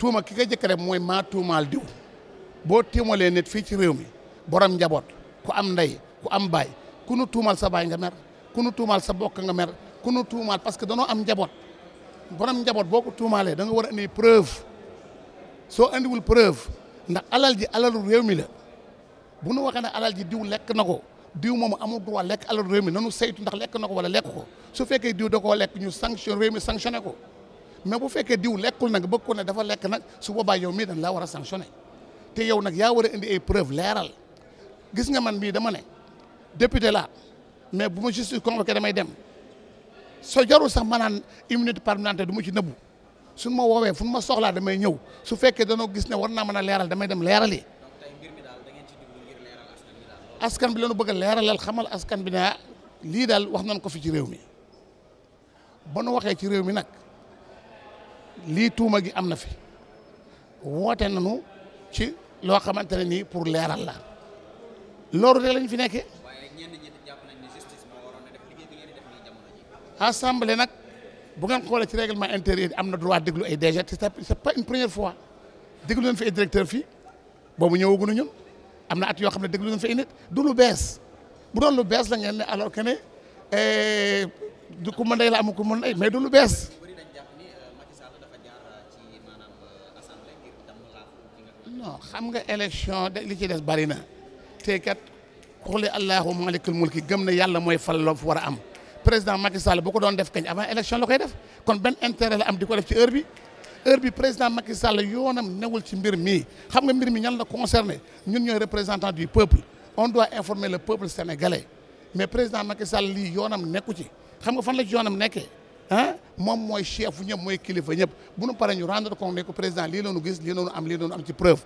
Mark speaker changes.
Speaker 1: tuuma ki koy jëkk mooy maa tuumaal diw boo tuumalee nit fii ci réew mi borom njaboot ku am ndey ku am baay ku nu tuumaal sa baay nga mer ku nu tuumaal sa bokk nga mer ku nu tuumaal parce que danoo am njaboot borom njaboot boo ko tuumaalee da war a indi preuve soo andiwul preuve ndax alal ji alalu réew mi la bu nu waxee ne alal ji diw lekk na ko diw moomu amul droit lekk alalu réew mi nanu saytu ndax lekk na ko wala lekk ko su fekkee diw da koo lekk ñu sanction réew mi sanctionné ko mais bu fekkee diw lekkul nag bëgg ko ne dafa lekk nag su boobaa yow mii dañ laa war a sanctionné te yow nag yaa war a indi ay preuve leeral gis nga man mii dama ne député laa mais bu ma justice convoqué damay dem soo jarul sax ma naan immunité parlementaire du ma ci nëbbu suñ ma woowee fu ma soxlaa damay ñëw su fekkee danoo gis ne war naa mën a leeral damay dem leerale askan bi lañu bëgg a leeralal xamal askan bi ne ah, lii daal wax nañ ko fi ci réew mi ba nu waxee ci réew mi nag. lii tuuma gi am na fi woote nañu ci loo xamante ne nii pour leeral la loolu rek lañ fi nekkee. waaye a def nag bu ngeen xoolee ci règlement intérieur am na droit déglu ay DG te c'est pas une première fois déglu nañ fi ay directeur fii boobu ñëwaguñu ñun am na at yoo xam ne déglu nañ fi ay nit du lu bees bu doon lu bees la ngeen ne alors que ne eh, du ku mën day la amu ku mën ay mais du lu bees. xam nga élection li ci des bari na te kat xuli allahu malikul mulk gëm na yàlla mooy fal loo fu am président Macky Sall bu ko doon def kañ avant élection la koy def kon ben intérêt la am diko def ci heure bi heure bi président Macky Sall yoonam newul ci mbir mi xam nga mbir mi ñan la concerné ñun ñoy représentant du peuple on doit informer le peuple sénégalais mais président Macky Sall lii yoonam nekku ci xam nga fan la ci yonam nekkee hein moom mooy chef fu ñëpp mooy kilifa ñëpp bu nu paree ñu rendre compte ne ko président lii la gis lii la am lii la ñu am ci preuve.